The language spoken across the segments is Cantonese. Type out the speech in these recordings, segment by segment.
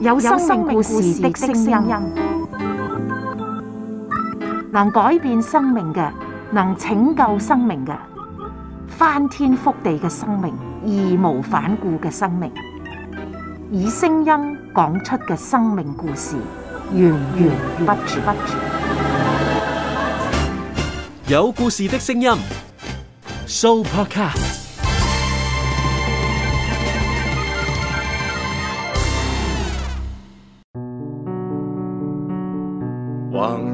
有生命故事的聲音，能改變生命嘅，能拯救生命嘅，翻天覆地嘅生命，義無反顧嘅生命，以聲音講出嘅生命故事，源源不絕。有故事的聲音，Supercast。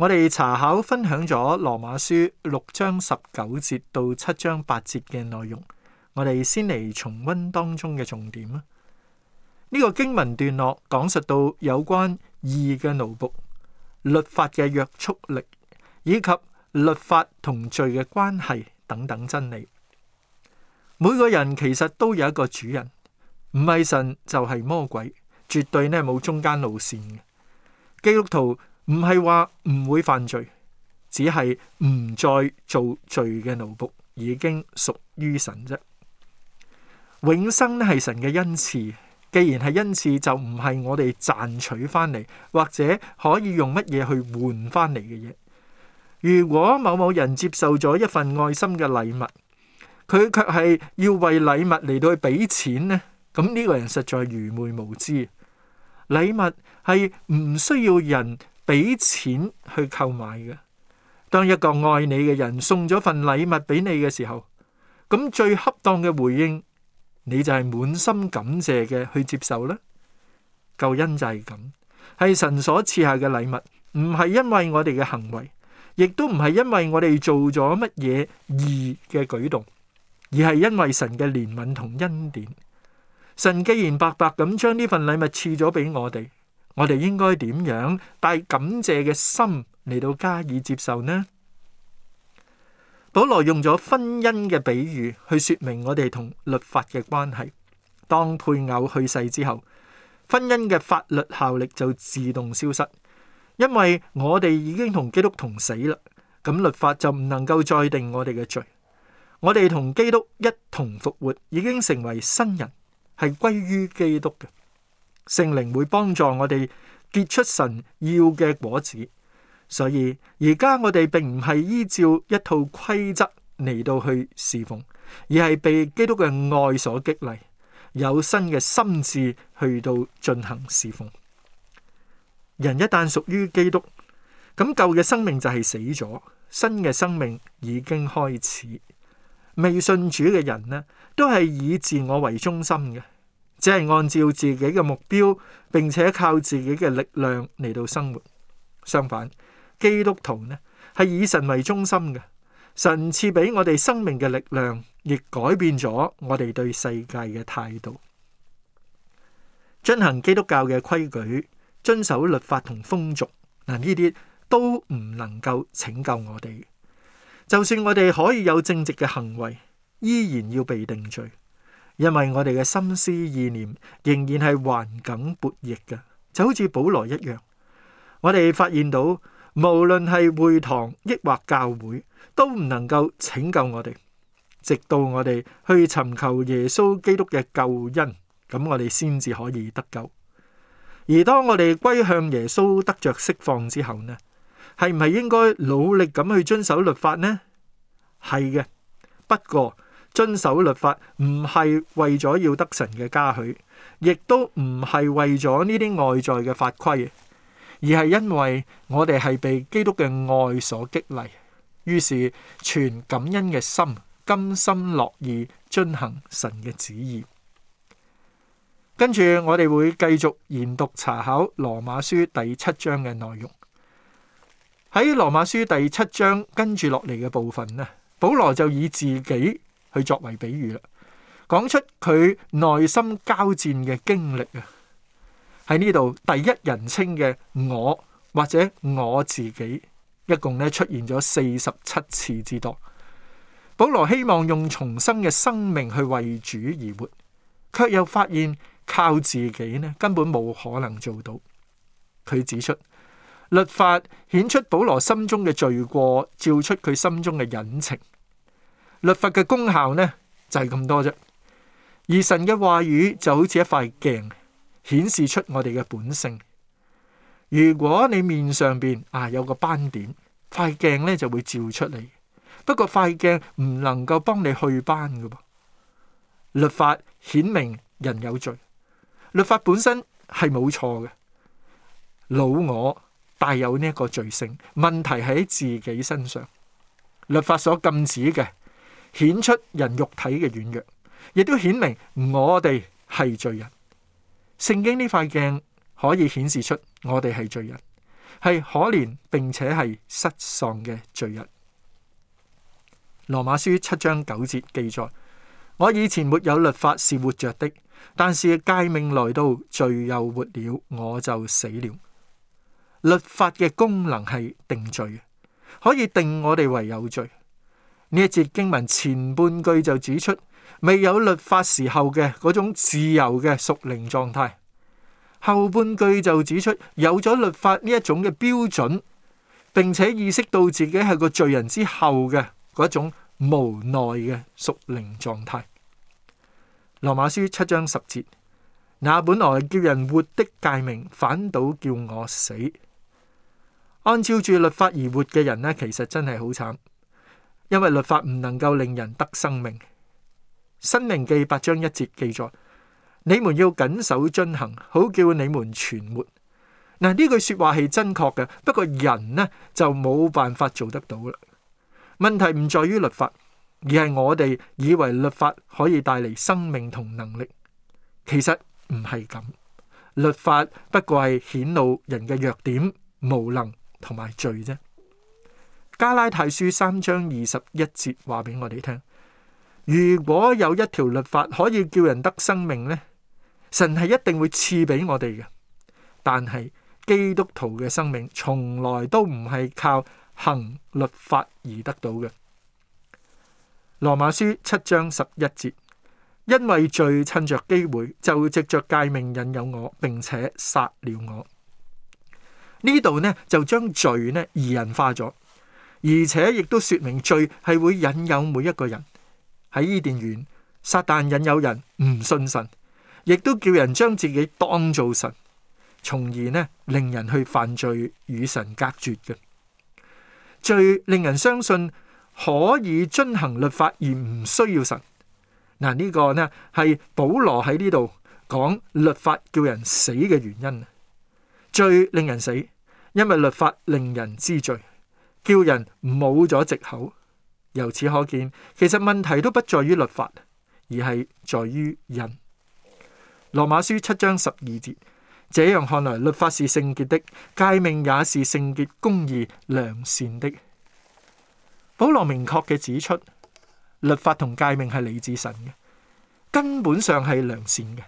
我哋查考分享咗羅馬書六章十九節到七章八節嘅內容，我哋先嚟重溫當中嘅重點呢、呢個經文段落講述到有關義嘅奴僕、律法嘅約束力，以及律法同罪嘅關係等等真理。每個人其實都有一個主人，唔係神就係魔鬼，絕對呢冇中間路線嘅。基督徒。唔係話唔會犯罪，只係唔再做罪嘅奴僕，已經屬於神啫。永生咧，係神嘅恩賜，既然係恩賜，就唔係我哋賺取翻嚟或者可以用乜嘢去換翻嚟嘅嘢。如果某某人接受咗一份愛心嘅禮物，佢卻係要為禮物嚟到去俾錢呢，咁呢個人實在愚昧無知。禮物係唔需要人。俾錢去購買嘅，當一個愛你嘅人送咗份禮物俾你嘅時候，咁最恰當嘅回應，你就係滿心感謝嘅去接受啦。救恩就係咁，係神所賜下嘅禮物，唔係因為我哋嘅行為，亦都唔係因為我哋做咗乜嘢義嘅舉動，而係因為神嘅憐憫同恩典。神既然白白咁將呢份禮物賜咗俾我哋。我哋應該點樣帶感謝嘅心嚟到加以接受呢？保羅用咗婚姻嘅比喻去說明我哋同律法嘅關係。當配偶去世之後，婚姻嘅法律效力就自動消失，因為我哋已經同基督同死啦。咁律法就唔能夠再定我哋嘅罪。我哋同基督一同復活，已經成為新人，係歸於基督嘅。聖靈會幫助我哋結出神要嘅果子，所以而家我哋並唔係依照一套規則嚟到去侍奉，而係被基督嘅愛所激勵，有新嘅心智去到進行侍奉。人一旦屬於基督，咁舊嘅生命就係死咗，新嘅生命已經開始。未信主嘅人呢，都係以自我為中心嘅。只係按照自己嘅目標，並且靠自己嘅力量嚟到生活。相反，基督徒呢係以神為中心嘅，神賜俾我哋生命嘅力量，亦改變咗我哋對世界嘅態度。遵行基督教嘅規矩，遵守律法同風俗，嗱，呢啲都唔能夠拯救我哋。就算我哋可以有正直嘅行為，依然要被定罪。因為我哋嘅心思意念仍然係環境勃逆嘅，就好似保羅一樣。我哋發現到，無論係會堂抑或教會，都唔能夠拯救我哋，直到我哋去尋求耶穌基督嘅救恩，咁我哋先至可以得救。而當我哋歸向耶穌得着釋放之後呢，係唔係應該努力咁去遵守律法呢？係嘅，不過。遵守律法唔係為咗要得神嘅嘉許，亦都唔係為咗呢啲外在嘅法規，而係因為我哋係被基督嘅愛所激勵，於是全感恩嘅心，甘心樂意遵行神嘅旨意。跟住我哋會繼續研讀查考羅馬書第七章嘅內容。喺羅馬書第七章跟住落嚟嘅部分呢，保羅就以自己。去作為比喻啦，講出佢內心交戰嘅經歷啊！喺呢度第一人稱嘅我或者我自己，一共咧出現咗四十七次之多。保羅希望用重生嘅生命去為主而活，卻又發現靠自己咧根本冇可能做到。佢指出律法顯出保羅心中嘅罪過，照出佢心中嘅隱情。律法嘅功效呢，就係咁多啫，而神嘅話語就好似一塊鏡，顯示出我哋嘅本性。如果你面上邊啊有個斑點，塊鏡呢就會照出嚟。不過塊鏡唔能夠幫你去斑㗎噃。律法顯明人有罪，律法本身係冇錯嘅。老我帶有呢一個罪性，問題喺自己身上。律法所禁止嘅。顯出人肉體嘅軟弱，亦都顯明我哋係罪人。聖經呢塊鏡可以顯示出我哋係罪人，係可憐並且係失喪嘅罪人。羅馬書七章九節記載：我以前沒有律法是活着的，但是誡命來到，罪又活了，我就死了。律法嘅功能係定罪，可以定我哋為有罪。呢一節經文前半句就指出未有律法時候嘅嗰種自由嘅屬靈狀態，後半句就指出有咗律法呢一種嘅標準，並且意識到自己係個罪人之後嘅嗰種無奈嘅屬靈狀態。羅馬書七章十節，那本來叫人活的誡命，反倒叫我死。按照住律法而活嘅人呢，其實真係好慘。因為律法唔能夠令人得生命，申命記八章一節記載：你們要謹守遵行，好叫你們存活。嗱，呢句說話係真確嘅，不過人呢就冇辦法做得到啦。問題唔在於律法，而係我哋以為律法可以帶嚟生命同能力，其實唔係咁。律法不過係顯露人嘅弱點、無能同埋罪啫。加拉太書三章二十一節話俾我哋聽：如果有一條律法可以叫人得生命呢，神係一定會賜俾我哋嘅。但係基督徒嘅生命從來都唔係靠行律法而得到嘅。羅馬書七章十一節：因為罪趁着機會，就藉着誡命引誘我，並且殺了我。呢度呢，就將罪呢擬人化咗。而且亦都說明罪係會引誘每一個人。喺伊甸園，撒旦引誘人唔信神，亦都叫人將自己當做神，從而呢令人去犯罪與神隔絕嘅罪，令人相信可以遵行律法而唔需要神。嗱、這、呢個呢係保羅喺呢度講律法叫人死嘅原因啊！罪令人死，因為律法令人知罪。叫人冇咗藉口，由此可見，其實問題都不在於律法，而係在於人。羅馬書七章十二節，這樣看來律法是聖潔的，誡命也是聖潔公義良善的。保羅明確嘅指出，律法同誡命係理智神嘅，根本上係良善嘅。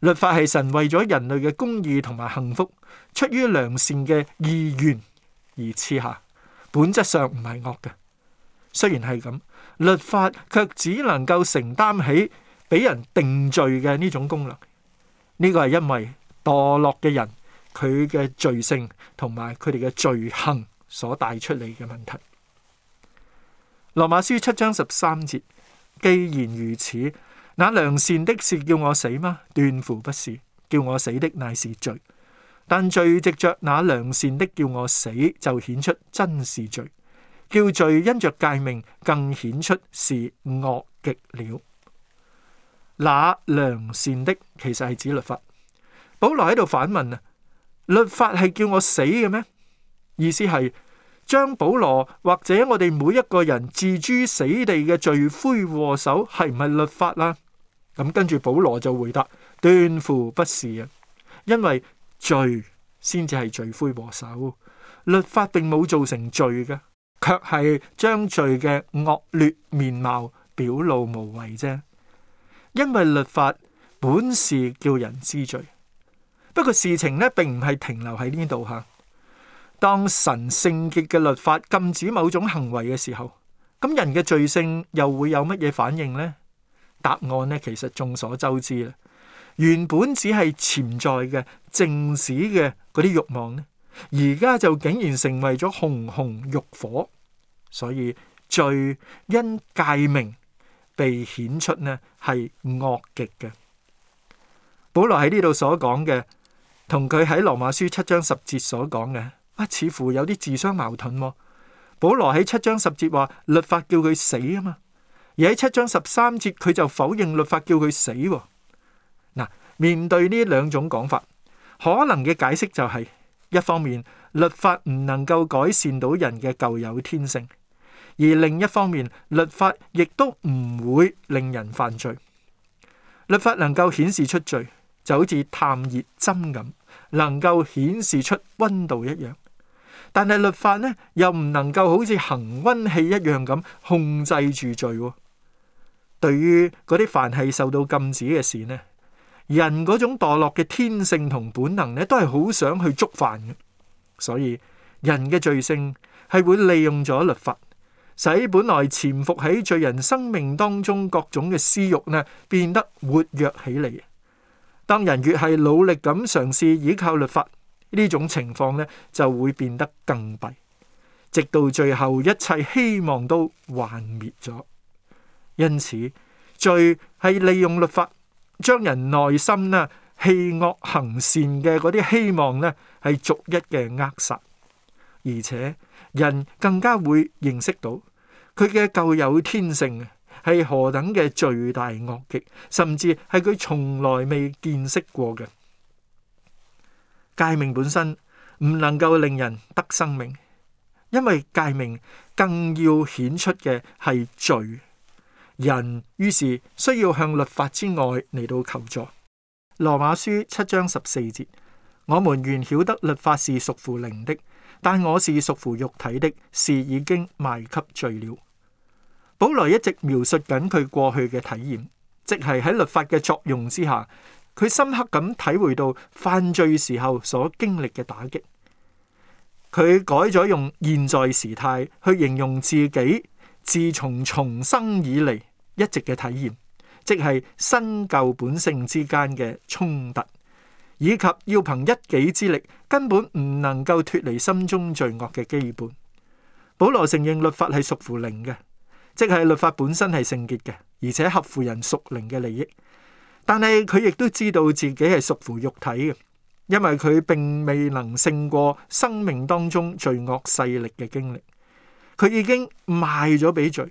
律法係神為咗人類嘅公義同埋幸福，出於良善嘅意願而賜下。本質上唔係惡嘅，雖然係咁，律法卻只能夠承擔起俾人定罪嘅呢種功能。呢個係因為墮落嘅人，佢嘅罪性同埋佢哋嘅罪行所帶出嚟嘅問題。羅馬書七章十三節，既然如此，那良善的是叫我死嗎？斷乎不是，叫我死的乃是罪。但罪藉着那良善的叫我死，就顯出真是罪；叫罪因着戒命更顯出是惡極了。那良善的其實係指律法。保羅喺度反問啊：律法係叫我死嘅咩？意思係將保羅或者我哋每一個人置諸死地嘅罪魁禍首係唔係律法啦？咁跟住保羅就回答：斷乎不是啊，因為。罪先至係罪魁禍首，律法並冇造成罪嘅，卻係將罪嘅惡劣面貌表露無遺啫。因為律法本是叫人知罪，不過事情咧並唔係停留喺呢度吓。當神聖潔嘅律法禁止某種行為嘅時候，咁人嘅罪性又會有乜嘢反應呢？答案咧其實眾所周知啦，原本只係潛在嘅。正史嘅嗰啲欲望呢，而家就竟然成為咗熊熊欲火，所以罪因誡命被顯出呢，係惡極嘅。保羅喺呢度所講嘅，同佢喺羅馬書七章十節所講嘅，啊，似乎有啲自相矛盾。保羅喺七章十節話律法叫佢死啊嘛，而喺七章十三節佢就否認律法叫佢死。嗱，面對呢兩種講法。可能嘅解釋就係、是、一方面，律法唔能夠改善到人嘅舊有天性；而另一方面，律法亦都唔會令人犯罪。律法能夠顯示出罪，就好似探熱針咁，能夠顯示出溫度一樣。但係律法呢又唔能夠好似恆溫器一樣咁控制住罪。對於嗰啲凡係受到禁止嘅事呢，人嗰種墮落嘅天性同本能咧，都係好想去觸犯嘅，所以人嘅罪性係會利用咗律法，使本來潛伏喺罪人生命當中各種嘅私欲呢，變得活躍起嚟。當人越係努力咁嘗試依靠律法，呢種情況咧就會變得更弊，直到最後一切希望都幻滅咗。因此，罪係利用律法。將人內心呢，棄惡行善嘅嗰啲希望呢，係逐一嘅扼殺，而且人更加會認識到佢嘅舊有天性係何等嘅最大惡極，甚至係佢從來未見識過嘅。誡命本身唔能夠令人得生命，因為誡命更要顯出嘅係罪。人於是需要向律法之外嚟到求助。羅馬書七章十四節，我們原曉得律法是屬乎靈的，但我是屬乎肉體的，是已經賣給罪了。保羅一直描述緊佢過去嘅體驗，即係喺律法嘅作用之下，佢深刻咁體會到犯罪時候所經歷嘅打擊。佢改咗用現在時態去形容自己，自從重生以嚟。一直嘅體驗，即係新舊本性之間嘅衝突，以及要憑一己之力根本唔能夠脫離心中罪惡嘅基本。保羅承認律法係屬乎靈嘅，即係律法本身係聖潔嘅，而且合乎人屬靈嘅利益。但係佢亦都知道自己係屬乎肉體嘅，因為佢並未能勝過生命當中罪惡勢力嘅經歷。佢已經賣咗俾罪。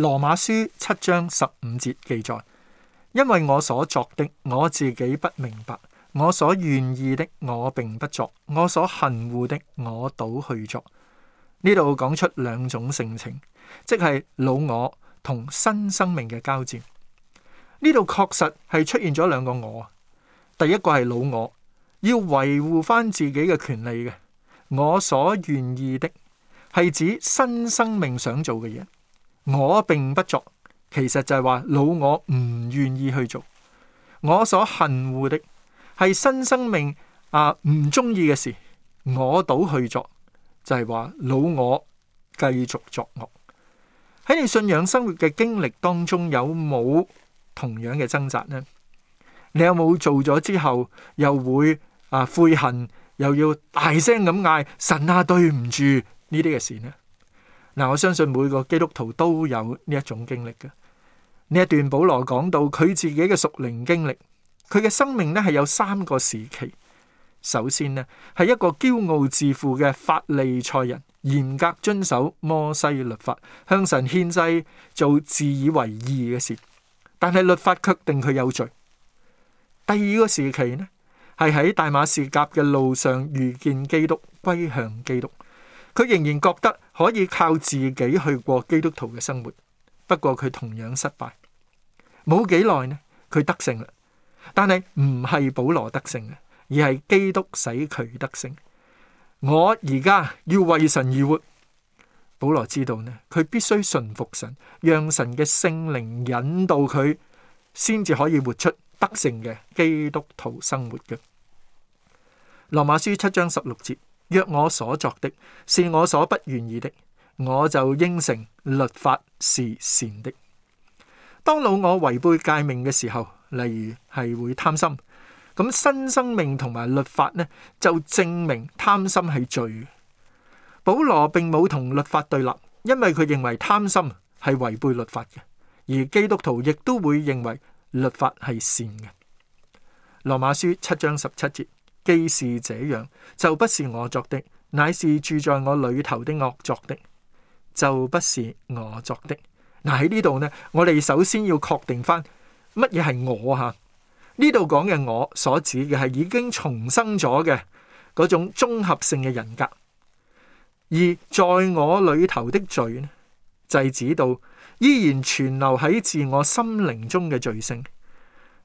羅馬書七章十五節記載：因為我所作的，我自己不明白；我所願意的，我並不作；我所恨惡的，我倒去作。呢度講出兩種性情，即係老我同新生命嘅交戰。呢度確實係出現咗兩個我。第一個係老我，要維護翻自己嘅權利嘅。我所願意的，係指新生命想做嘅嘢。我並不作，其實就係話老我唔願意去做。我所恨惡的係新生命啊唔中意嘅事，我倒去作，就係話老我繼續作惡。喺你信仰生活嘅經歷當中，有冇同樣嘅掙扎呢？你有冇做咗之後又會啊悔恨，又要大聲咁嗌，神啊對唔住呢啲嘅事呢？嗱，我相信每個基督徒都有呢一種經歷嘅呢一段。保羅講到佢自己嘅屬靈經歷，佢嘅生命咧係有三個時期。首先咧係一個驕傲自負嘅法利賽人，嚴格遵守摩西律法，向神獻祭做自以為義嘅事，但係律法確定佢有罪。第二個時期咧係喺大馬士革嘅路上遇見基督，歸向基督，佢仍然覺得。可以靠自己去過基督徒嘅生活，不過佢同樣失敗，冇幾耐呢，佢得勝啦。但係唔係保羅得勝嘅，而係基督使佢得勝。我而家要為神而活。保羅知道呢，佢必須順服神，讓神嘅聖靈引導佢，先至可以活出得勝嘅基督徒生活嘅。羅馬書七章十六節。若我所作的是我所不願意的，我就應承律法是善的。當老我違背誡命嘅時候，例如係會貪心，咁新生命同埋律法呢，就證明貪心係罪。保羅並冇同律法對立，因為佢認為貪心係違背律法嘅，而基督徒亦都會認為律法係善嘅。羅馬書七章十七節。既是這樣，就不是我作的，乃是住在我裏頭的惡作的，就不是我作的。嗱，喺呢度呢，我哋首先要確定翻乜嘢係我吓？呢度講嘅我所指嘅係已經重生咗嘅嗰種綜合性嘅人格，而在我裏頭的罪呢，就係指到依然存留喺自我心靈中嘅罪性。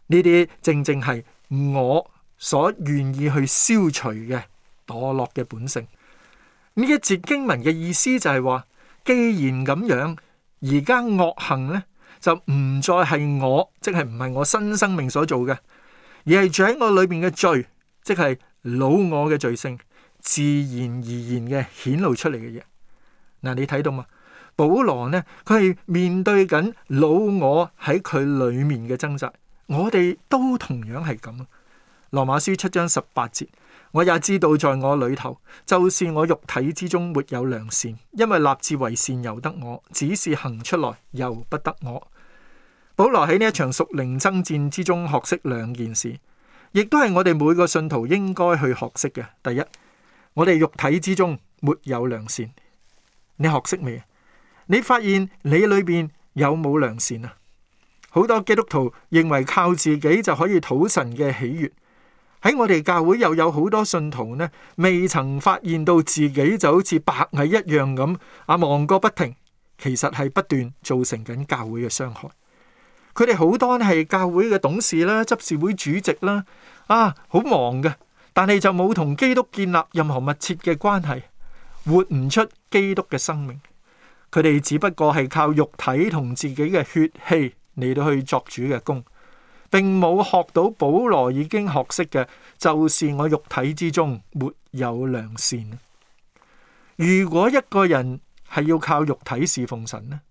呢啲正正係我。所願意去消除嘅墮落嘅本性，呢一節經文嘅意思就係話，既然咁樣，而家惡行呢，就唔再係我，即係唔係我新生命所做嘅，而係住喺我裏面嘅罪，即係老我嘅罪性，自然而然嘅顯露出嚟嘅嘢。嗱、嗯，你睇到嘛？保羅呢，佢係面對緊老我喺佢裏面嘅掙扎，我哋都同樣係咁。羅馬書七章十八節，我也知道在我裏頭，就算我肉體之中沒有良善，因為立志為善由得我，只是行出來由不得我。保羅喺呢一場屬靈爭戰之中學識兩件事，亦都係我哋每個信徒應該去學識嘅。第一，我哋肉體之中沒有良善，你學識未？你發現你裏邊有冇良善啊？好多基督徒認為靠自己就可以討神嘅喜悅。喺我哋教會又有好多信徒呢，未曾發現到自己就好似白蟻一樣咁，啊忙個不停，其實係不斷造成緊教會嘅傷害。佢哋好多係教會嘅董事啦、執事會主席啦，啊好忙嘅，但係就冇同基督建立任何密切嘅關係，活唔出基督嘅生命。佢哋只不過係靠肉體同自己嘅血氣嚟到去作主嘅功。並冇學到保羅已經學識嘅，就是我肉體之中沒有良善。如果一個人係要靠肉體侍奉神呢，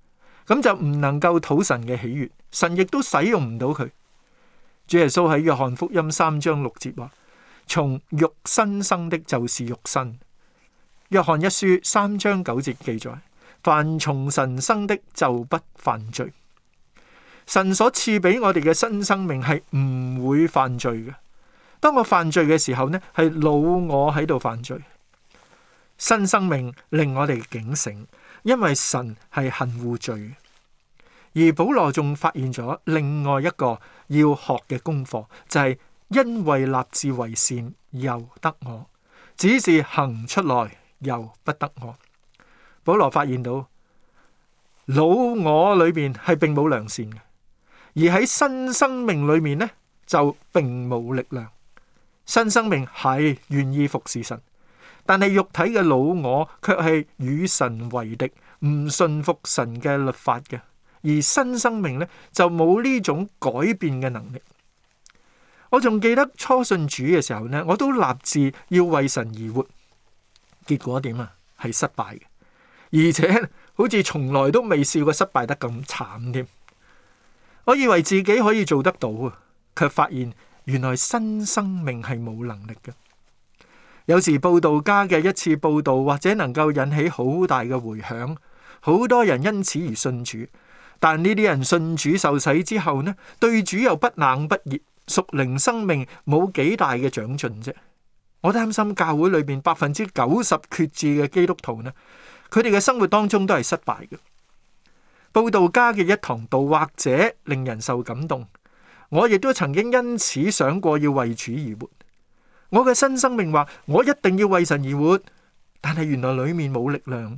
咁就唔能夠討神嘅喜悦，神亦都使用唔到佢。主耶穌喺約翰福音三章六節話：從肉身生的，就是肉身。約翰一書三章九節記載：凡從神生的，就不犯罪。神所賜俾我哋嘅新生命係唔會犯罪嘅。當我犯罪嘅時候呢，係老我喺度犯罪。新生命令我哋警醒，因為神係恨惡罪。而保羅仲發現咗另外一個要學嘅功課，就係、是、因為立志為善由得我，只是行出來由不得我。保羅發現到老我裏面係並冇良善嘅。而喺新生命裏面咧，就並冇力量。新生命係願意服侍神，但係肉體嘅老我卻係與神為敵，唔信服神嘅律法嘅。而新生命咧就冇呢種改變嘅能力。我仲記得初信主嘅時候咧，我都立志要為神而活，結果點啊？係失敗嘅，而且好似從來都未試過失敗得咁慘添。我以為自己可以做得到啊，卻發現原來新生命係冇能力嘅。有時，報道家嘅一次報道或者能夠引起好大嘅回響，好多人因此而信主。但呢啲人信主受洗之後呢，對主又不冷不熱，屬靈生命冇幾大嘅長進啫。我擔心教會裏面百分之九十決志嘅基督徒呢，佢哋嘅生活當中都係失敗嘅。報道家嘅一堂道，或者令人受感動。我亦都曾經因此想過要為主而活。我嘅新生命話，我一定要為神而活。但係原來裏面冇力量。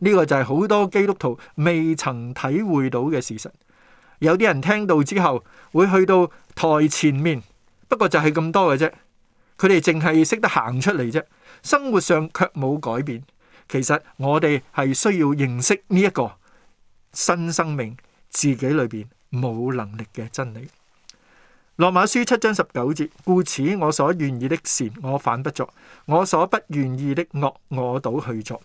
呢個就係好多基督徒未曾體會到嘅事實。有啲人聽到之後會去到台前面，不過就係咁多嘅啫。佢哋淨係識得行出嚟啫，生活上卻冇改變。其實我哋係需要認識呢一個。新生命自己裏邊冇能力嘅真理。羅馬書七章十九節，故此我所願意的善，我反不作；我所不願意的惡，我倒去作。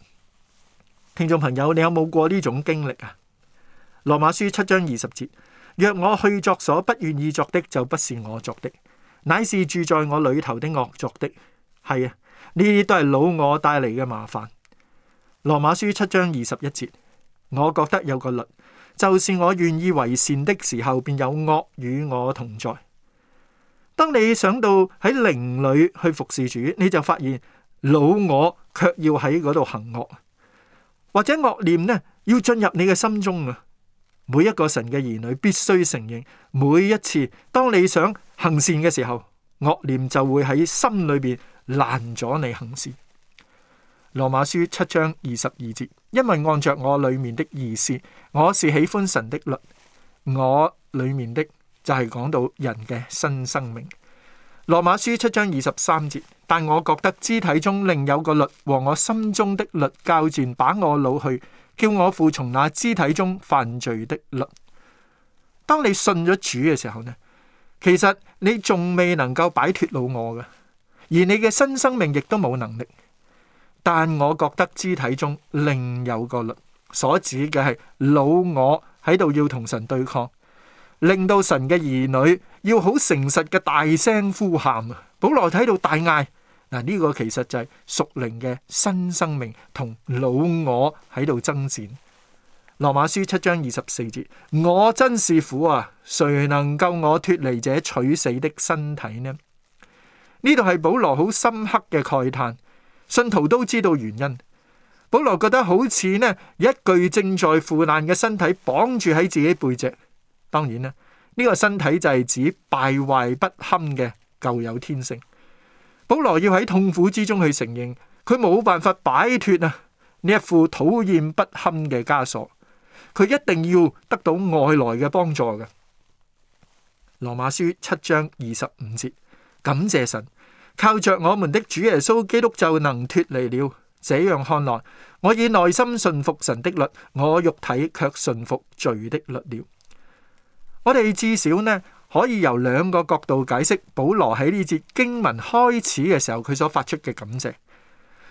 聽眾朋友，你有冇過呢種經歷啊？羅馬書七章二十節，若我去作所不願意作的，就不是我作的，乃是住在我裏頭的惡作的。係啊，呢啲都係老我帶嚟嘅麻煩。羅馬書七章二十一節。我覺得有個律，就是我願意為善的時候，便有惡與我同在。當你想到喺靈裏去服侍主，你就發現老我卻要喺嗰度行惡，或者惡念呢要進入你嘅心中啊！每一個神嘅兒女必須承認，每一次當你想行善嘅時候，惡念就會喺心裏邊攔咗你行善。羅馬書七章二十二節。因為按着我裏面的意思，我是喜歡神的律。我裏面的就係講到人嘅新生命。羅馬書七章二十三節，但我覺得肢體中另有個律和我心中的律交戰，把我擄去，叫我服從那肢體中犯罪的律。當你信咗主嘅時候呢，其實你仲未能夠擺脫老我嘅，而你嘅新生命亦都冇能力。但我覺得肢體中另有個律，所指嘅係老我喺度要同神對抗，令到神嘅兒女要好誠實嘅大聲呼喊。保羅喺度大嗌嗱，呢個其實就係屬靈嘅新生命同老我喺度爭戰。羅馬書七章二十四節：我真是苦啊，誰能救我脫離這取死的身體呢？呢度係保羅好深刻嘅慨嘆。信徒都知道原因，保羅覺得好似呢一具正在腐爛嘅身體綁住喺自己背脊。當然啦，呢、這個身體就係指敗壞不堪嘅舊有天性。保羅要喺痛苦之中去承認，佢冇辦法擺脫啊呢一副討厭不堪嘅枷鎖。佢一定要得到外來嘅幫助嘅。羅馬書七章二十五節，感謝神。靠着我們的主耶穌基督就能脫離了。這樣看來，我以內心順服神的律，我肉體卻順服罪的律了。我哋至少呢可以由兩個角度解釋保羅喺呢節經文開始嘅時候佢所發出嘅感謝。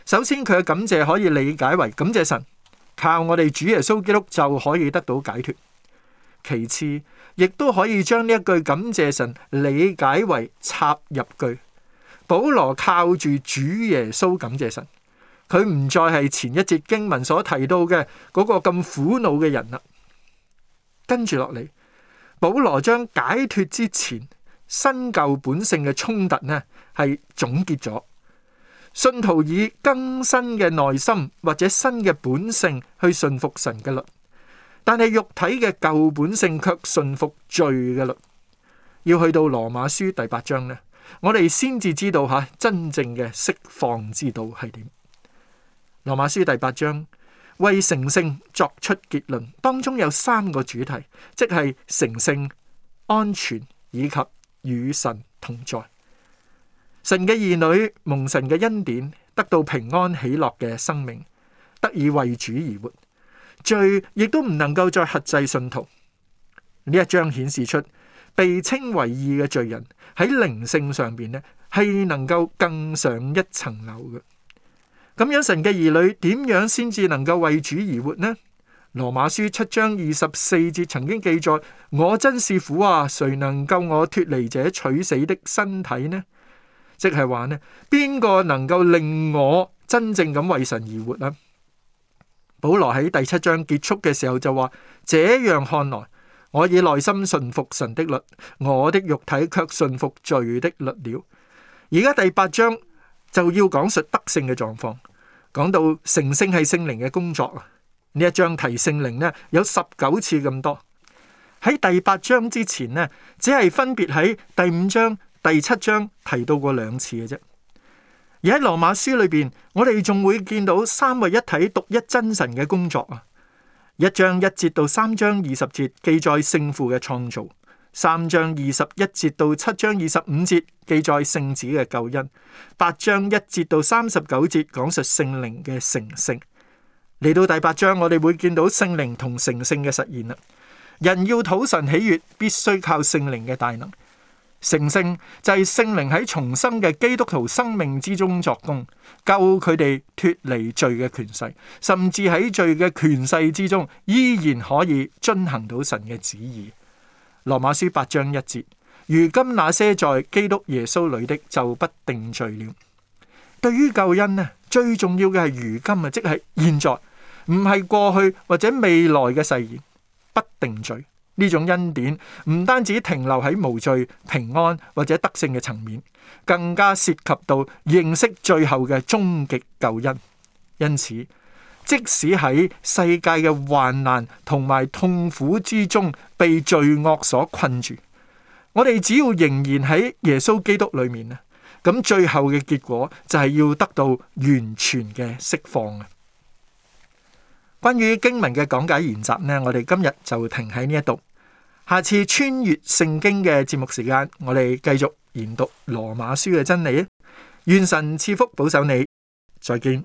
首先，佢嘅感謝可以理解為感謝神靠我哋主耶穌基督就可以得到解脫。其次，亦都可以將呢一句感謝神理解為插入句。保羅靠住主耶穌感謝神，佢唔再係前一節經文所提到嘅嗰個咁苦惱嘅人啦。跟住落嚟，保羅將解脫之前新舊本性嘅衝突呢，係總結咗。信徒以更新嘅內心或者新嘅本性去順服神嘅律，但係肉體嘅舊本性卻順服罪嘅律。要去到羅馬書第八章呢，我哋先至知道吓真正嘅釋放之道係點。羅馬書第八章為成聖作出結論，當中有三個主題，即係成聖、安全以及與神同在。神嘅兒女蒙神嘅恩典，得到平安喜樂嘅生命，得以為主而活，罪亦都唔能夠再轄制信徒。呢一章顯示出。被稱為義嘅罪人喺靈性上邊呢，係能夠更上一層樓嘅，咁樣神嘅兒女點樣先至能夠為主而活呢？羅馬書七章二十四節曾經記載：我真是苦啊，誰能夠我脫離者取死的身體呢？即係話呢，邊個能夠令我真正咁為神而活呢？保羅喺第七章結束嘅時候就話：這樣看來。我以內心順服神的律，我的肉體卻順服罪的律了。而家第八章就要講述得勝嘅狀況，講到成聖係聖靈嘅工作啊。呢一章提聖靈呢，有十九次咁多，喺第八章之前呢，只係分別喺第五章、第七章提到過兩次嘅啫。而喺羅馬書裏邊，我哋仲會見到三位一體獨一真神嘅工作啊。一章一節到三章二十節記載聖父嘅創造，三章二十一節到七章二十五節記載聖子嘅救恩，八章一節到三十九節講述聖靈嘅成聖。嚟到第八章，我哋會見到聖靈同成聖嘅實現啦。人要討神喜悅，必須靠聖靈嘅大能。成聖就係聖靈喺重生嘅基督徒生命之中作工，救佢哋脱離罪嘅權勢，甚至喺罪嘅權勢之中依然可以遵行到神嘅旨意。羅馬書八章一節：如今那些在基督耶穌裏的，就不定罪了。對於救恩呢，最重要嘅係如今啊，即係現在，唔係過去或者未來嘅誓言，不定罪。呢種恩典唔單止停留喺無罪平安或者德性嘅層面，更加涉及到認識最後嘅終極救恩。因此，即使喺世界嘅患難同埋痛苦之中被罪惡所困住，我哋只要仍然喺耶穌基督裏面咧，咁最後嘅結果就係要得到完全嘅釋放。關於經文嘅講解研習呢，我哋今日就停喺呢一度。下次穿越聖經嘅節目時間，我哋繼續研讀羅馬書嘅真理。願神賜福保守你。再見。